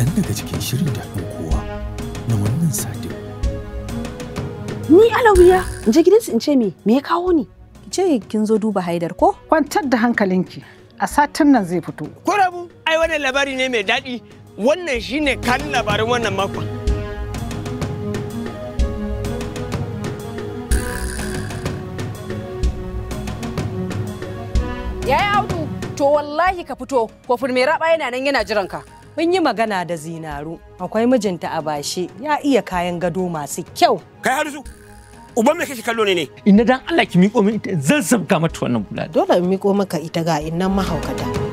kaɗan daga cikin shirin daɗin kowa na wannan satin. Ni alawiya, in je gidansu in ce me, me ya kawo ni? Ki ce kin zo duba haidar ko? Kwantar da hankalinki, a satin nan zai fito. Ko rabu, ai wannan labari ne mai daɗi, wannan shine kan labarin wannan makon. Yaya Audu, to wallahi ka fito, kofin mai raɓa yana nan yana jiranka. mun yi magana da zinaru akwai mijinta a bashe ya iya kayan gado masu kyau kai harisu uban me kake kallo ne ne inna dan Allah ki miƙo min ita zan zabga mata wannan bula dole in miƙo maka ita ga innan mahaukata